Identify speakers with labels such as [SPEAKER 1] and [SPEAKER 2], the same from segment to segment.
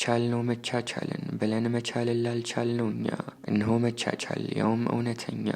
[SPEAKER 1] ቻልነው መቻቻልን ብለን መቻል ነው እኛ እነሆ መቻቻል ያውም እውነተኛ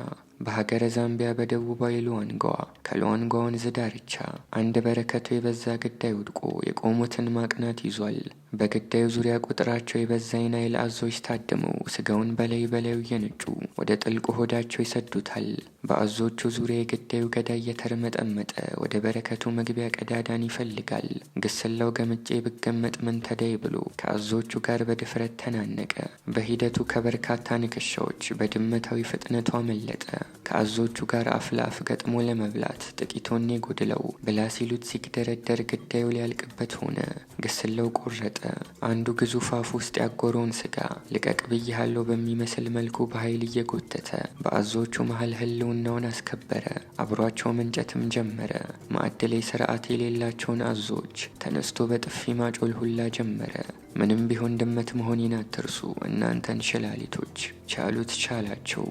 [SPEAKER 1] በሀገረ ዛምቢያ በደቡባዊ ሉዋንጓ ከሉዋንጓ ወንዝ ዳርቻ አንድ በረከቱ የበዛ ግዳይ ውድቆ የቆሙትን ማቅናት ይዟል። በግዳዩ ዙሪያ ቁጥራቸው የበዛ የናይል አዞዎች ታድመው ስጋውን በላይ በላዩ እየነጩ ወደ ጥልቁ ሆዳቸው ይሰዱታል። በአዞቹ ዙሪያ የግዳዩ ገዳይ እየተርመጠመጠ ወደ በረከቱ መግቢያ ቀዳዳን ይፈልጋል። ግስላው ገምጬ ብገመጥ ምን ተደይ ብሎ ከአዞቹ ጋር በድፍረት ተናነቀ። በሂደቱ ከበርካታ ንክሻዎች በድመታዊ ፍጥነቱ አመለጠ። ከአዞቹ ጋር አፍ ለአፍ ገጥሞ ለመብላት ጥቂቶን ጎድለው ብላ ሲሉት ሲግደረደር ግዳዩ ሊያልቅበት ሆነ። ግስለው ቆረጠ። አንዱ ግዙፍ አፍ ውስጥ ያጎረውን ስጋ ልቀቅ ብያሃለው በሚመስል መልኩ በኃይል እየጎተተ በአዞቹ መሀል ህልውናውን አስከበረ። አብሯቸው መንጨትም ጀመረ። ማዕድ ላይ ስርዓት የሌላቸውን አዞች ተነስቶ በጥፊ ማጮል ሁላ ጀመረ። ምንም ቢሆን ድመት መሆኔን አትርሱ እናንተን ሽላሊቶች። ቻሉት ቻላቸው።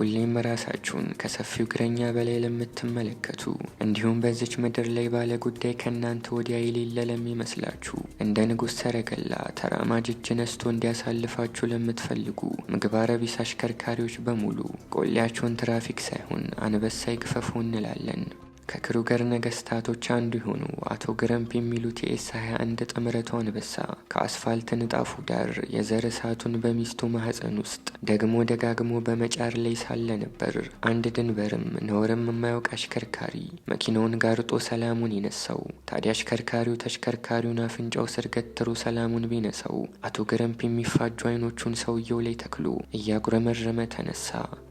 [SPEAKER 1] ሁሌም ራሳችሁን ከሰፊው እግረኛ በላይ ለምትመለከቱ እንዲሁም በዚች ምድር ላይ ባለ ጉዳይ ከእናንተ ወዲያ የሌለ ለሚመስላችሁ እንደ ንጉሥ ሰረገላ ተራማጅ እጅ ነስቶ እንዲያሳልፋችሁ ለምትፈልጉ ምግባረ ቢስ አሽከርካሪዎች በሙሉ ቆሌያችሁን ትራፊክ ሳይሆን አንበሳ ይግፈፉ እንላለን። ከክሩገር ነገስታቶች አንዱ የሆኑ አቶ ግረምፕ የሚሉት የኤስ 21 ጥምረቱ አንበሳ ከአስፋልት ንጣፉ ዳር የዘር እሳቱን በሚስቱ ማህፀን ውስጥ ደግሞ ደጋግሞ በመጫር ላይ ሳለ ነበር አንድ ድንበርም ነውርም የማያውቅ አሽከርካሪ መኪናውን ጋርጦ ሰላሙን ይነሳው። ታዲያ አሽከርካሪው ተሽከርካሪውን አፍንጫው ስር ገትሮ ሰላሙን ቢነሳው አቶ ግረምፕ የሚፋጁ አይኖቹን ሰውየው ላይ ተክሎ እያጉረመረመ ተነሳ።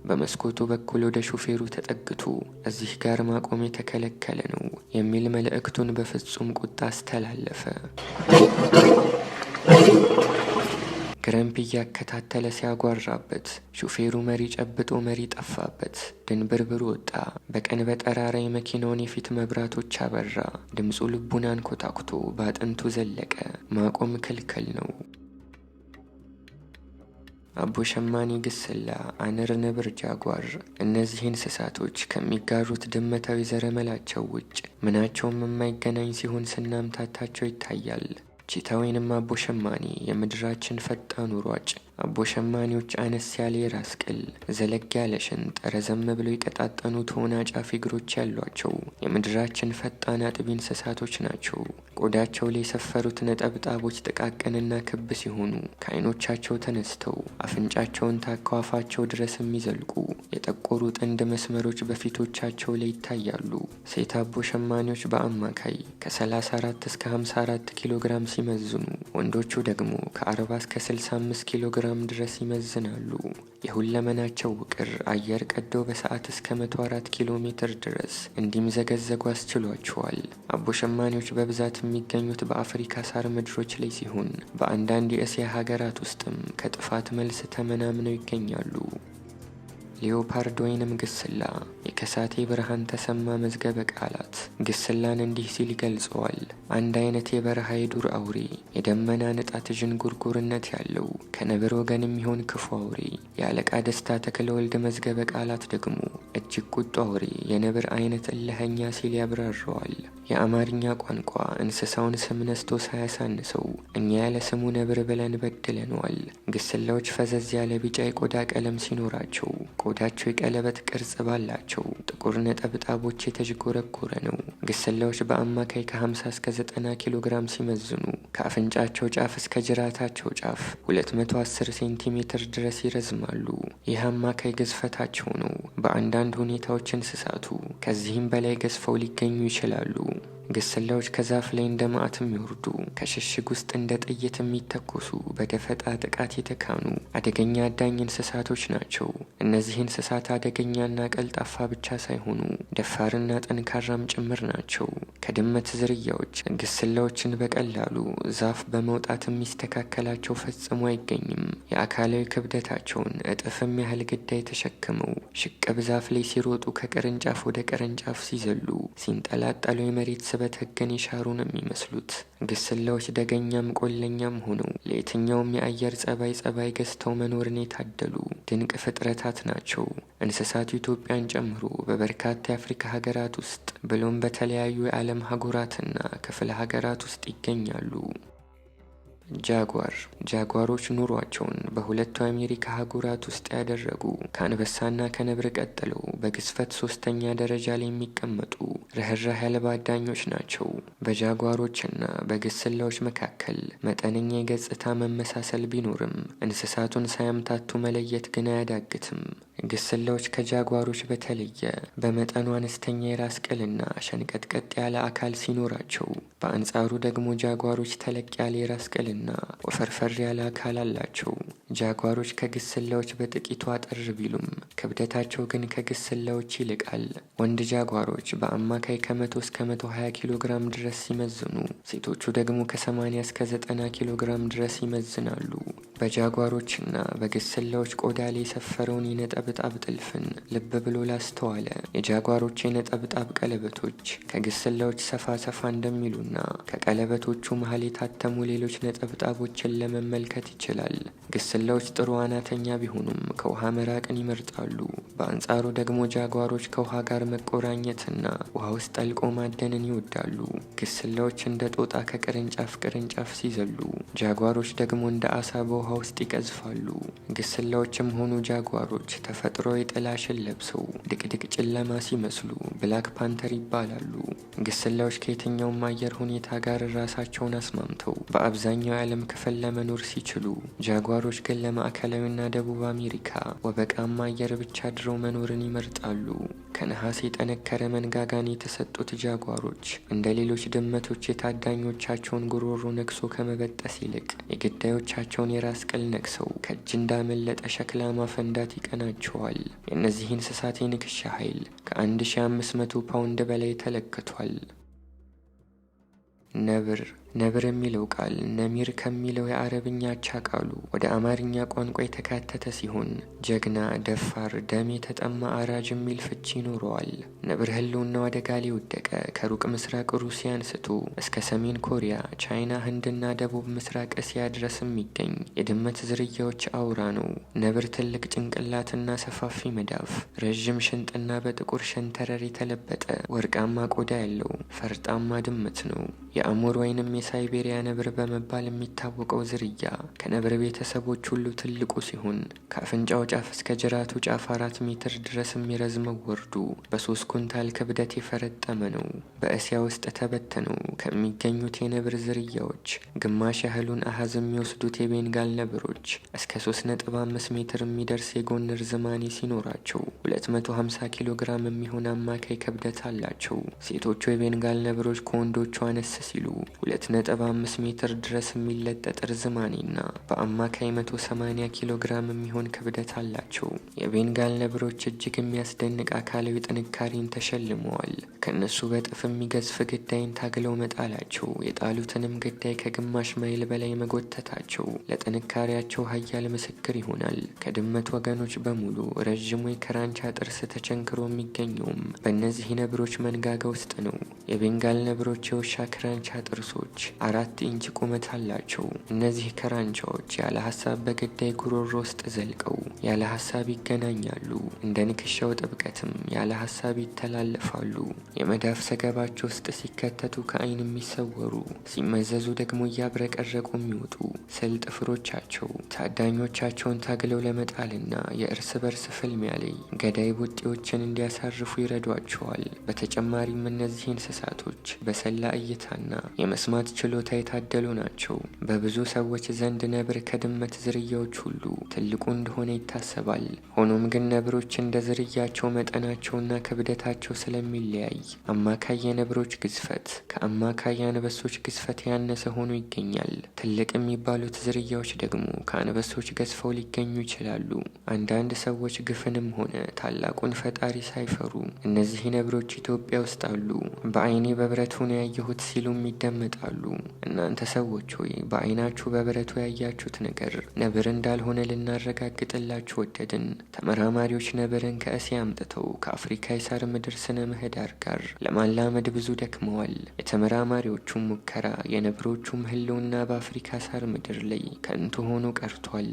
[SPEAKER 1] በመስኮቱ በኩል ወደ ሾፌሩ ተጠግቶ እዚህ ጋር ማቆም የተከለከለ ነው የሚል መልእክቱን በፍጹም ቁጣ አስተላለፈ። ግረምፕ እያከታተለ ሲያጓራበት ሹፌሩ መሪ ጨብጦ መሪ ጠፋበት። ድንብርብር ወጣ። በቀን በጠራራ የመኪናውን የፊት መብራቶች አበራ። ድምፁ ልቡን አንኮታኩቶ በአጥንቱ ዘለቀ። ማቆም ክልክል ነው። አቦ ሸማኔ ግስላ፣ አነር፣ ነብር፣ ጃጓር እነዚህ እንስሳቶች ከሚጋሩት ድመታዊ ዘረመላቸው ውጭ ምናቸውም የማይገናኝ ሲሆን ስናምታታቸው ይታያል። ቺታ ወይንም አቦ ሸማኔ የምድራችን ፈጣኑ ሯጭ አቦ ሸማኔዎች አነስ ያለ የራስ ቅል፣ ዘለግ ያለ ሽንጥ፣ ረዘም ብለው የቀጣጠኑ ተወናጫፍ እግሮች ያሏቸው የምድራችን ፈጣን አጥቢ እንስሳቶች ናቸው። ቆዳቸው ላይ የሰፈሩት ነጠብጣቦች ጥቃቅንና ክብ ሲሆኑ ከዓይኖቻቸው ተነስተው አፍንጫቸውን ታከው ድረስ የሚዘልቁ የጠቆሩ ጥንድ መስመሮች በፊቶቻቸው ላይ ይታያሉ። ሴት አቦ ሸማኔዎች በአማካይ ከ34 እስከ 54 ኪሎ ግራም ሲመዝኑ፣ ወንዶቹ ደግሞ ከ40 እስከ 65 ኪሎ ግራም ግራም ድረስ ይመዝናሉ። የሁለመናቸው ውቅር አየር ቀደው በሰዓት እስከ 104 ኪሎ ሜትር ድረስ እንዲምዘገዘጉ አስችሏቸዋል። አቦሸማኔዎች በብዛት የሚገኙት በአፍሪካ ሳር ምድሮች ላይ ሲሆን በአንዳንድ የእስያ ሀገራት ውስጥም ከጥፋት መልስ ተመናምነው ይገኛሉ። ወይንም ግስላ የከሳቴ ብርሃን ተሰማ መዝገበ ቃላት ግስላን እንዲህ ሲል ይገልጸዋል። አንድ አይነት የበረሃ የዱር አውሬ የደመና ንጣት ዥንጉርጉርነት ያለው ከነብር ወገን የሚሆን ክፉ አውሬ የአለቃ ደስታ ተክለወልድ መዝገበ ቃላት ደግሞ እጅግ ቁጡ አውሬ የነብር አይነት እልኸኛ ሲል ያብራረዋል። የአማርኛ ቋንቋ እንስሳውን ስም ነስቶ ሳያሳንሰው እኛ ያለ ስሙ ነብር ብለን በድለነዋል። ግስላዎች ፈዘዝ ያለ ቢጫ የቆዳ ቀለም ሲኖራቸው ቆዳቸው የቀለበት ቅርጽ ባላቸው ጥቁር ነጠብጣቦች የተዥጎረጎረ ነው። ግስላዎች በአማካይ ከ50 እስከ 90 ኪሎ ግራም ሲመዝኑ ከአፍንጫቸው ጫፍ እስከ ጅራታቸው ጫፍ 210 ሴንቲሜትር ድረስ ይረዝማሉ። ይህ አማካይ ግዝፈታቸው ነው። በአንዳንድ ሁኔታዎች እንስሳቱ ከዚህም በላይ ገዝፈው ሊገኙ ይችላሉ። ግስላዎች ከዛፍ ላይ እንደ ማዕት የሚወርዱ ከሽሽግ ውስጥ እንደ ጥይት የሚተኮሱ በደፈጣ ጥቃት የተካኑ አደገኛ አዳኝ እንስሳቶች ናቸው። እነዚህ እንስሳት አደገኛና ቀልጣፋ ብቻ ሳይሆኑ ደፋርና ጠንካራም ጭምር ናቸው። ከድመት ዝርያዎች ግስላዎችን በቀላሉ ዛፍ በመውጣት የሚስተካከላቸው ፈጽሞ አይገኝም። የአካላዊ ክብደታቸውን እጥፍም ያህል ግዳይ ተሸክመው ሽቅብ ዛፍ ላይ ሲሮጡ፣ ከቅርንጫፍ ወደ ቅርንጫፍ ሲዘሉ፣ ሲንጠላጠሉ የመሬት ስበ መሰረት ሕግን የሻሩ ነው የሚመስሉት። ግስላዎች ደገኛም ቆለኛም ሆነው ለየትኛውም የአየር ጸባይ ጸባይ ገዝተው መኖርን የታደሉ ድንቅ ፍጥረታት ናቸው። እንስሳቱ ኢትዮጵያን ጨምሮ በበርካታ የአፍሪካ ሀገራት ውስጥ ብሎም በተለያዩ የዓለም ሀጉራትና ክፍለ ሀገራት ውስጥ ይገኛሉ። ጃጓር ጃጓሮች ኑሯቸውን በሁለቱ አሜሪካ አህጉራት ውስጥ ያደረጉ ከአንበሳና ከነብር ቀጥለው በግዝፈት ሶስተኛ ደረጃ ላይ የሚቀመጡ ርህራህ ያለባዳኞች ናቸው። በጃጓሮችና በግስላዎች መካከል መጠነኛ የገጽታ መመሳሰል ቢኖርም እንስሳቱን ሳያምታቱ መለየት ግን አያዳግትም። ግስላዎች ከጃጓሮች በተለየ በመጠኑ አነስተኛ የራስ ቅልና ሸንቀጥቀጥ ያለ አካል ሲኖራቸው፣ በአንጻሩ ደግሞ ጃጓሮች ተለቅ ያለ የራስ ቅልና ወፈርፈር ያለ አካል አላቸው። ጃጓሮች ከግስላዎች በጥቂቱ አጠር ቢሉም ክብደታቸው ግን ከግስላዎች ይልቃል። ወንድ ጃጓሮች በአማካይ ከመቶ እስከ መቶ 20 ኪሎ ግራም ድረስ ሲመዝኑ፣ ሴቶቹ ደግሞ ከ80 እስከ 90 ኪሎ ግራም ድረስ ይመዝናሉ። በጃጓሮችና በግስላዎች ቆዳ ላይ የሰፈረውን የነጠብ ነጠብጣብ ጥልፍን ልብ ብሎ ላስተዋለ የጃጓሮች የነጠብጣብ ቀለበቶች ከግስላዎች ሰፋ ሰፋ እንደሚሉና ከቀለበቶቹ መሀል የታተሙ ሌሎች ነጠብጣቦችን ለመመልከት ይችላል። ግስላዎች ጥሩ አናተኛ ቢሆኑም ከውሃ መራቅን ይመርጣሉ። በአንጻሩ ደግሞ ጃጓሮች ከውሃ ጋር መቆራኘትና ውሃ ውስጥ ጠልቆ ማደንን ይወዳሉ። ግስላዎች እንደ ጦጣ ከቅርንጫፍ ቅርንጫፍ ሲዘሉ፣ ጃጓሮች ደግሞ እንደ አሳ በውሃ ውስጥ ይቀዝፋሉ። ግስላዎችም ሆኑ ጃጓሮች ተፈጥሮ የጥላሽን ለብሰው ድቅድቅ ጨለማ ሲመስሉ ብላክ ፓንተር ይባላሉ። ግስላዎች ከየትኛውም አየር ሁኔታ ጋር ራሳቸውን አስማምተው በአብዛኛው የዓለም ክፍል ለመኖር ሲችሉ፣ ጃጓሮች ግን ለማዕከላዊና ደቡብ አሜሪካ ወበቃማ አየር ብቻ አድረው መኖርን ይመርጣሉ። ከነሐስ የጠነከረ መንጋጋን የተሰጡት ጃጓሮች እንደ ሌሎች ድመቶች የታዳኞቻቸውን ጉሮሮ ነክሶ ከመበጠስ ይልቅ የግዳዮቻቸውን የራስ ቅል ነክሰው ከእጅ እንዳመለጠ ሸክላ ማፈንዳት ይቀናቸዋል። የእነዚህ እንስሳት የንክሻ ኃይል ከ1500 ፓውንድ በላይ ተለክቷል። ነብር ነብር የሚለው ቃል ነሚር ከሚለው የአረብኛ አቻ ቃሉ ወደ አማርኛ ቋንቋ የተካተተ ሲሆን ጀግና፣ ደፋር፣ ደም የተጠማ አራጅ የሚል ፍቺ ይኖረዋል። ነብር ህልውናው አደጋ ላይ ወደቀ። ከሩቅ ምስራቅ ሩሲያ አንስቶ እስከ ሰሜን ኮሪያ፣ ቻይና፣ ህንድና ደቡብ ምስራቅ እስያ ድረስ የሚገኝ የድመት ዝርያዎች አውራ ነው። ነብር ትልቅ ጭንቅላትና ሰፋፊ መዳፍ፣ ረዥም ሽንጥና በጥቁር ሸንተረር የተለበጠ ወርቃማ ቆዳ ያለው ፈርጣማ ድመት ነው። የአሞር ወይንም የሳይቤሪያ ነብር በመባል የሚታወቀው ዝርያ ከነብር ቤተሰቦች ሁሉ ትልቁ ሲሆን ከአፍንጫው ጫፍ እስከ ጅራቱ ጫፍ አራት ሜትር ድረስ የሚረዝመው ወርዱ በሶስት ኩንታል ክብደት የፈረጠመ ነው። በእስያ ውስጥ ተበትነው ከሚገኙት የነብር ዝርያዎች ግማሽ ያህሉን አሀዝ የሚወስዱት የቤንጋል ነብሮች እስከ 3.5 ሜትር የሚደርስ የጎን ርዝማኔ ሲኖራቸው 250 ኪሎ ግራም የሚሆን አማካይ ክብደት አላቸው። ሴቶቹ የቤንጋል ነብሮች ከወንዶቹ አነስ ሲሉ 4.5 ሜትር ድረስ የሚለጠጥ ርዝማኔና በአማካይ 180 ኪሎ ግራም የሚሆን ክብደት አላቸው። የቤንጋል ነብሮች እጅግ የሚያስደንቅ አካላዊ ጥንካሬን ተሸልመዋል። ከእነሱ በጥፍ የሚገዝፍ ግዳይን ታግለው መጣላቸው፣ የጣሉትንም ግዳይ ከግማሽ ማይል በላይ መጎተታቸው ለጥንካሬያቸው ኃያል ምስክር ይሆናል። ከድመት ወገኖች በሙሉ ረዥሙ የከራንቻ ጥርስ ተቸንክሮ የሚገኘውም በእነዚህ ነብሮች መንጋጋ ውስጥ ነው። የቤንጋል ነብሮች የውሻ ክራንቻ ጥርሶች አራት ኢንች ቁመት አላቸው። እነዚህ ክራንቻዎች ያለ ሀሳብ በገዳይ ጉሮሮ ውስጥ ዘልቀው ያለ ሀሳብ ይገናኛሉ። እንደ ንክሻው ጥብቀትም ያለ ሀሳብ ይተላለፋሉ። የመዳፍ ሰገባቸው ውስጥ ሲከተቱ ከአይን የሚሰወሩ ሲመዘዙ ደግሞ እያብረቀረቁ የሚወጡ ስል ጥፍሮቻቸው ታዳኞቻቸውን ታግለው ለመጣልና የእርስ በርስ ፍልሚያ ላይ ገዳይ ቡጤዎችን እንዲያሳርፉ ይረዷቸዋል። በተጨማሪም እነዚህ እንስሳ እንስሳቶች በሰላ እይታና የመስማት ችሎታ የታደሉ ናቸው። በብዙ ሰዎች ዘንድ ነብር ከድመት ዝርያዎች ሁሉ ትልቁ እንደሆነ ይታሰባል። ሆኖም ግን ነብሮች እንደ ዝርያቸው መጠናቸውና ክብደታቸው ስለሚለያይ አማካይ የነብሮች ግዝፈት ከአማካይ አንበሶች ግዝፈት ያነሰ ሆኖ ይገኛል። ትልቅ የሚባሉት ዝርያዎች ደግሞ ከአንበሶች ገዝፈው ሊገኙ ይችላሉ። አንዳንድ ሰዎች ግፍንም ሆነ ታላቁን ፈጣሪ ሳይፈሩ እነዚህ ነብሮች ኢትዮጵያ ውስጥ አሉ። በዐይኔ በብረቱ ነው ያየሁት ሲሉም ይደመጣሉ። እናንተ ሰዎች ሆይ በአይናችሁ በብረቱ ያያችሁት ነገር ነብር እንዳልሆነ ልናረጋግጥላችሁ ወደድን። ተመራማሪዎች ነብርን ከእስያ አምጥተው ከአፍሪካ የሳር ምድር ስነ ምህዳር ጋር ለማላመድ ብዙ ደክመዋል። የተመራማሪዎቹም ሙከራ የነብሮቹም ህልውና በአፍሪካ ሳር ምድር ላይ ከንቱ ሆኖ ቀርቷል።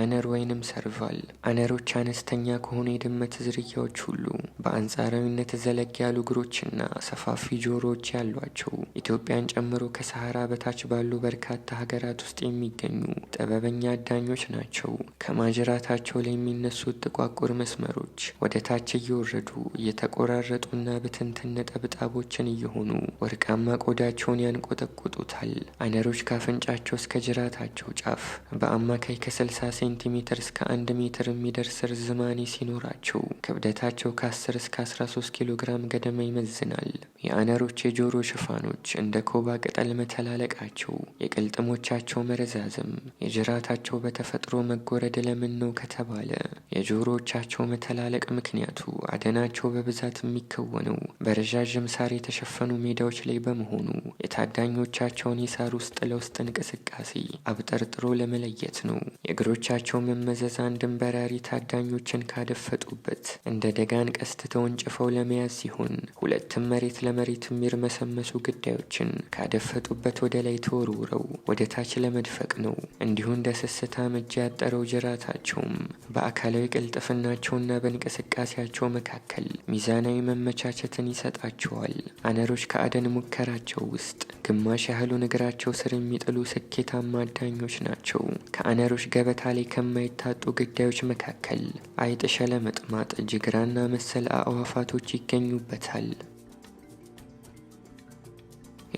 [SPEAKER 1] አነር ወይንም ሰርቫል አነሮች አነስተኛ ከሆኑ የድመት ዝርያዎች ሁሉ በአንጻራዊነት ዘለግ ያሉ እግሮችና ሰፋፊ ጆሮዎች ያሏቸው ኢትዮጵያን ጨምሮ ከሰሐራ በታች ባሉ በርካታ ሀገራት ውስጥ የሚገኙ ጥበበኛ አዳኞች ናቸው። ከማጅራታቸው ላይ የሚነሱት ጥቋቁር መስመሮች ወደ ታች እየወረዱ እየተቆራረጡና ብትንትን ነጠብጣቦችን እየሆኑ ወርቃማ ቆዳቸውን ያንቆጠቁጡታል። አነሮች ካፍንጫቸው እስከ ጅራታቸው ጫፍ በአማካይ ከስልሳ ሴንቲሜትር እስከ አንድ ሜትር የሚደርስ ርዝማኔ ሲኖራቸው ክብደታቸው ከ10 እስከ 13 ኪሎ ግራም ገደማ ይመዝናል። የአነሮች የጆሮ ሽፋኖች እንደ ኮባ ቅጠል መተላለቃቸው፣ የቅልጥሞቻቸው መረዛዝም፣ የጅራታቸው በተፈጥሮ መጎረድ ለምን ነው ከተባለ የጆሮዎቻቸው መተላለቅ ምክንያቱ አደናቸው በብዛት የሚከወነው በረዣዥም ሳር የተሸፈኑ ሜዳዎች ላይ በመሆኑ የታዳኞቻቸውን የሳር ውስጥ ለውስጥ እንቅስቃሴ አብጠርጥሮ ለመለየት ነው። የእግሮች ልጆቻቸው መመዘዝ ድንበራሪ ታዳኞችን ካደፈጡበት እንደ ደጋን ቀስት ተወንጭፈው ለመያዝ ሲሆን ሁለትም መሬት ለመሬት የሚርመሰመሱ ግዳዮችን ካደፈጡበት ወደ ላይ ተወርውረው ወደ ታች ለመድፈቅ ነው። እንዲሁ እንደ ስስታ እጅ ያጠረው ጅራታቸውም በአካላዊ ቅልጥፍናቸውና በእንቅስቃሴያቸው መካከል ሚዛናዊ መመቻቸትን ይሰጣቸዋል። አነሮች ከአደን ሙከራቸው ውስጥ ግማሽ ያህሉን እግራቸው ስር የሚጥሉ ስኬታማ አዳኞች ናቸው። ከአነሮች ገበታ ለምሳሌ ከማይታጡ ግዳዮች መካከል አይጥ ሸለመጥማጥ፣ ጅግራና መሰል አዕዋፋቶች ይገኙበታል።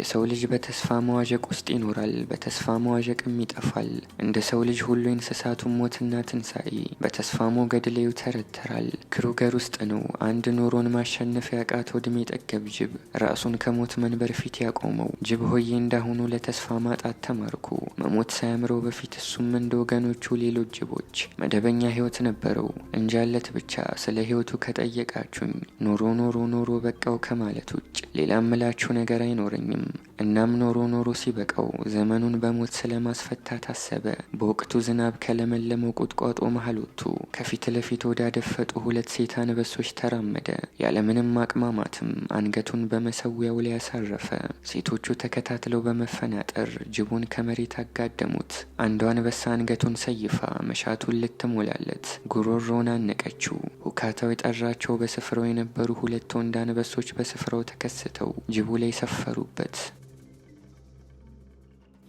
[SPEAKER 1] የሰው ልጅ በተስፋ መዋዠቅ ውስጥ ይኖራል፣ በተስፋ መዋዠቅም ይጠፋል። እንደ ሰው ልጅ ሁሉ የእንስሳቱን ሞትና ትንሣኤ በተስፋ ሞገድ ላይ ይውተረተራል። ክሩገር ውስጥ ነው አንድ ኑሮን ማሸነፍ ያቃተው ዕድሜ ጠገብ ጅብ ራሱን ከሞት መንበር ፊት ያቆመው። ጅብ ሆዬ እንዳሁኑ ለተስፋ ማጣት ተማርኩ መሞት ሳያምረው በፊት እሱም እንደ ወገኖቹ ሌሎች ጅቦች መደበኛ ህይወት ነበረው። እንጃለት ብቻ ስለ ህይወቱ ከጠየቃችሁኝ ኖሮ ኖሮ ኖሮ በቃው ከማለት ውጭ ሌላ ምላችሁ ነገር አይኖረኝም። እናም ኖሮ ኖሮ ሲበቃው ዘመኑን በሞት ስለማስፈታት አሰበ። በወቅቱ ዝናብ ከለመለመው ቁጥቋጦ መሀል ወጥቶ ከፊት ለፊት ወዳደፈጡ ሁለት ሴት አንበሶች ተራመደ። ያለምንም አቅማማትም አንገቱን በመሰዊያው ላይ ያሳረፈ። ሴቶቹ ተከታትለው በመፈናጠር ጅቡን ከመሬት አጋደሙት። አንዷ አንበሳ አንገቱን ሰይፋ መሻቱን ልትሞላለት ጉሮሮውን አነቀችው። ሁካታው የጠራቸው በስፍራው የነበሩ ሁለት ወንድ አንበሶች በስፍራው ተከስተው ጅቡ ላይ ሰፈሩበት። it.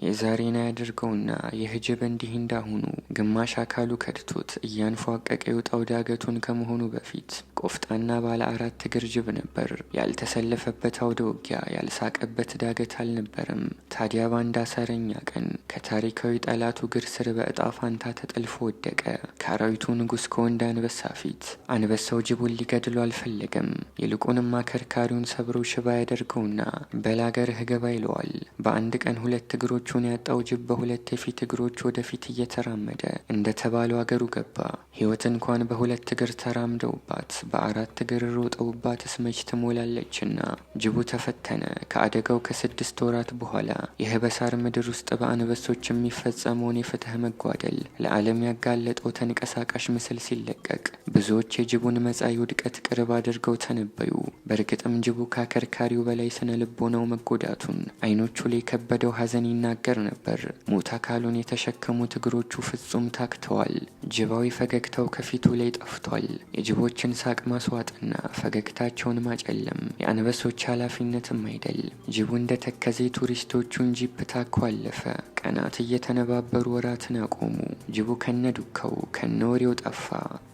[SPEAKER 1] የዛሬን ያድርገውና የህጅብ እንዲህ እንዳሁኑ ግማሽ አካሉ ከድቶት እያንፏቀቀ የውጣው ዳገቱን ከመሆኑ በፊት ቆፍጣና ባለ አራት እግር ጅብ ነበር። ያልተሰለፈበት አውደ ውጊያ ያልሳቀበት ዳገት አልነበረም። ታዲያ ባንዳ አሳረኛ ቀን ከታሪካዊ ጠላቱ እግር ስር በእጣ ፋንታ ተጠልፎ ወደቀ። ከአራዊቱ ንጉሥ ከወንድ አንበሳ ፊት አንበሳው ጅቡን ሊገድሎ አልፈለገም። ይልቁንም አከርካሪውን ሰብሮ ሽባ ያደርገውና በላገር ህገባ ይለዋል። በአንድ ቀን ሁለት እግሮች እጆቹን ያጣው ጅብ በሁለት የፊት እግሮች ወደፊት እየተራመደ እንደተባለው አገሩ ገባ። ሕይወት እንኳን በሁለት እግር ተራምደውባት በአራት እግር ሮጠውባት ስመች ትሞላለችና ጅቡ ተፈተነ። ከአደጋው ከስድስት ወራት በኋላ የህበሳር ምድር ውስጥ በአንበሶች የሚፈጸመውን የፍትህ መጓደል ለዓለም ያጋለጠው ተንቀሳቃሽ ምስል ሲለቀቅ ብዙዎች የጅቡን መጻኢ ውድቀት ቅርብ አድርገው ተነበዩ። በእርግጥም ጅቡ ከአከርካሪው በላይ ስነ ልቦናው መጎዳቱን አይኖቹ ላይ የከበደው ሐዘን ይናገር ነበር። ሙት አካሉን የተሸከሙት እግሮቹ ፍጹም ታክተዋል። ጅባዊ ፈገግታው ከፊቱ ላይ ጠፍቷል። የጅቦችን ሳቅ ማስዋጥና ፈገግታቸውን ማጨለም የአንበሶች ኃላፊነትም አይደል። ጅቡ እንደ ተከዘ ቱሪስቶቹን ጂፕ ታኮ አለፈ። ቀናት እየተነባበሩ ወራትን አቆሙ። ጅቡ ከነ ከነወሬው ከነ ወሬው ጠፋ።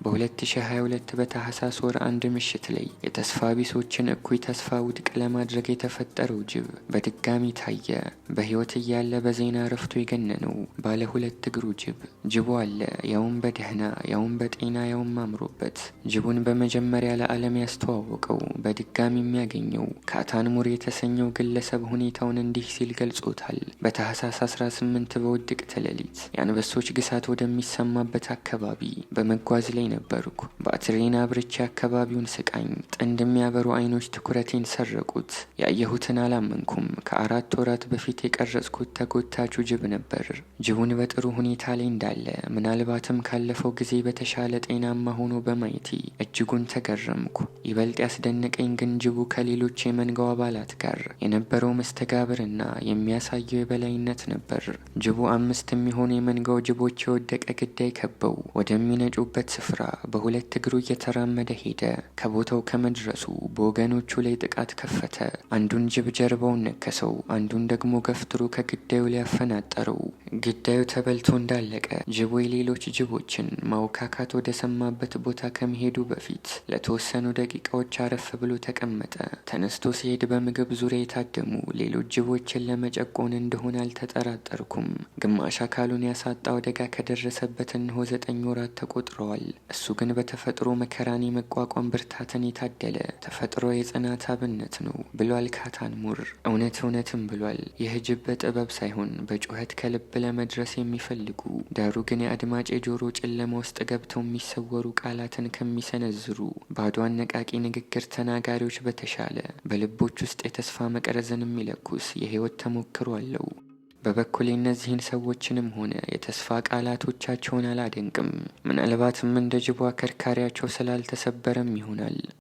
[SPEAKER 1] በ2022 በታህሳስ ወር አንድ ምሽት ላይ የተስፋ ቢሶችን እኩይ ተስፋ ውድቅ ለማድረግ የተፈጠረው ጅብ በድጋሚ ታየ። በህይወት እያለ በዜና እረፍቱ የገነነው ባለ ሁለት እግሩ ጅብ ጅቡ አለ ያውም በደህና ያውም በጤና ያውም አምሮበት ጅቡን በመጀመሪያ ለዓለም ያስተዋወቀው በድጋሚ የሚያገኘው ካታንሙር ሙር የተሰኘው ግለሰብ ሁኔታውን እንዲህ ሲል ገልጾታል። በታህሳስ 18 በውድቅት ሌሊት የአንበሶች ግሳት ወደሚሰማበት አካባቢ በመጓዝ ላይ ነበርኩ። በአትሬን አብርቼ አካባቢውን ስቃኝ፣ ጥንድ የሚያበሩ አይኖች ትኩረቴን ሰረቁት። ያየሁትን አላመንኩም። ከአራት ወራት በፊት የቀረጽኩት ተጎታቹ ጅብ ነበር። ጅቡን በጥሩ ሁኔታ ላይ እንዳለ ምናልባትም ካለፈው ጊዜ በተሻለ ጤናማ ሆኖ በማየቴ እጅጉን ተገረምኩ። ይበልጥ ያስደነቀኝ ግን ጅቡ ከሌሎች የመንጋው አባላት ጋር የነበረው መስተጋብርና የሚያሳየው የበላይነት ነበር። ጅቡ አምስት የሚሆኑ የመንጋው ጅቦች የወደቀ ግዳይ ከበው ወደሚነጩበት ስፍራ በሁለት እግሩ እየተራመደ ሄደ። ከቦታው ከመድረሱ በወገኖቹ ላይ ጥቃት ከፈተ። አንዱን ጅብ ጀርባውን ነከሰው፣ አንዱን ደግሞ ገፍትሮ ከግዳዩ ሊያፈናጠረው። ግዳዩ ተበልቶ እንዳለቀ ጅቡ የሌሎች ጅቦ ሰዎችን መውካካት ወደ ሰማበት ቦታ ከመሄዱ በፊት ለተወሰኑ ደቂቃዎች አረፍ ብሎ ተቀመጠ። ተነስቶ ሲሄድ በምግብ ዙሪያ የታደሙ ሌሎች ጅቦችን ለመጨቆን እንደሆነ አልተጠራጠርኩም። ግማሽ አካሉን ያሳጣ አደጋ ከደረሰበት እንሆ ዘጠኝ ወራት ተቆጥረዋል። እሱ ግን በተፈጥሮ መከራን የመቋቋም ብርታትን የታደለ ተፈጥሮ የጽናት አብነት ነው ብሏል ካታን ሙር። እውነት እውነትም ብሏል። ይህ ጅብ በጥበብ ሳይሆን በጩኸት ከልብ ለመድረስ የሚፈልጉ ዳሩ ግን የአድማጭ የጆሮ ጨለማ ውስጥ ገብተው የሚሰወሩ ቃላትን ከሚሰነዝሩ ባዶ አነቃቂ ንግግር ተናጋሪዎች በተሻለ በልቦች ውስጥ የተስፋ መቅረዝን የሚለኩስ የህይወት ተሞክሮ አለው። በበኩሌ እነዚህን ሰዎችንም ሆነ የተስፋ ቃላቶቻቸውን አላደንቅም። ምናልባትም እንደ ጅቧ አከርካሪያቸው ስላልተሰበረም ይሆናል።